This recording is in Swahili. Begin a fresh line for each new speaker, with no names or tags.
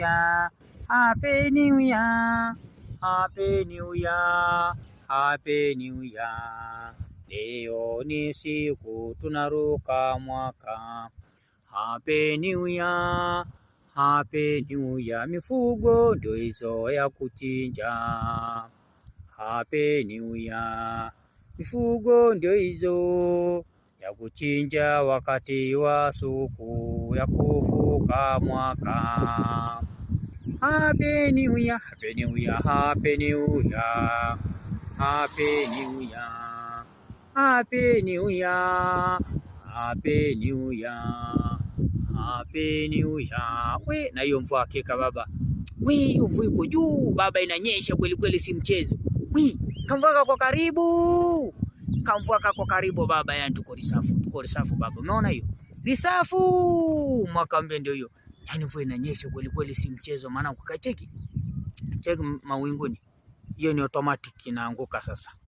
year, Happy New Year, Happy New Year, Happy New Year. Leo ni siku tunaruka mwaka. Happy New Year, Happy New Year. Mifugo ndio hizo ya kuchinja. Happy New Year. Mifugo ndio hizo ya kuchinja wakati wa suku ya kufuka mwaka. Happy New Year, Happy New Year, Happy New Year. Happy New Year. Happy New Year. Happy New Year. Happy New Year.
We na hiyo mvua keka baba. We mvua iko juu baba, inanyesha kweli kweli, si mchezo. We kamvua kako karibu. Kamvua kwa karibu baba, yani tuko risafu, tuko risafu baba. Umeona hiyo? Risafu mwaka mbende hiyo yani mvua inanyesha kweli kweli, si mchezo. Maana ukikacheki cheki mawinguni, hiyo ni automatic inaanguka sasa.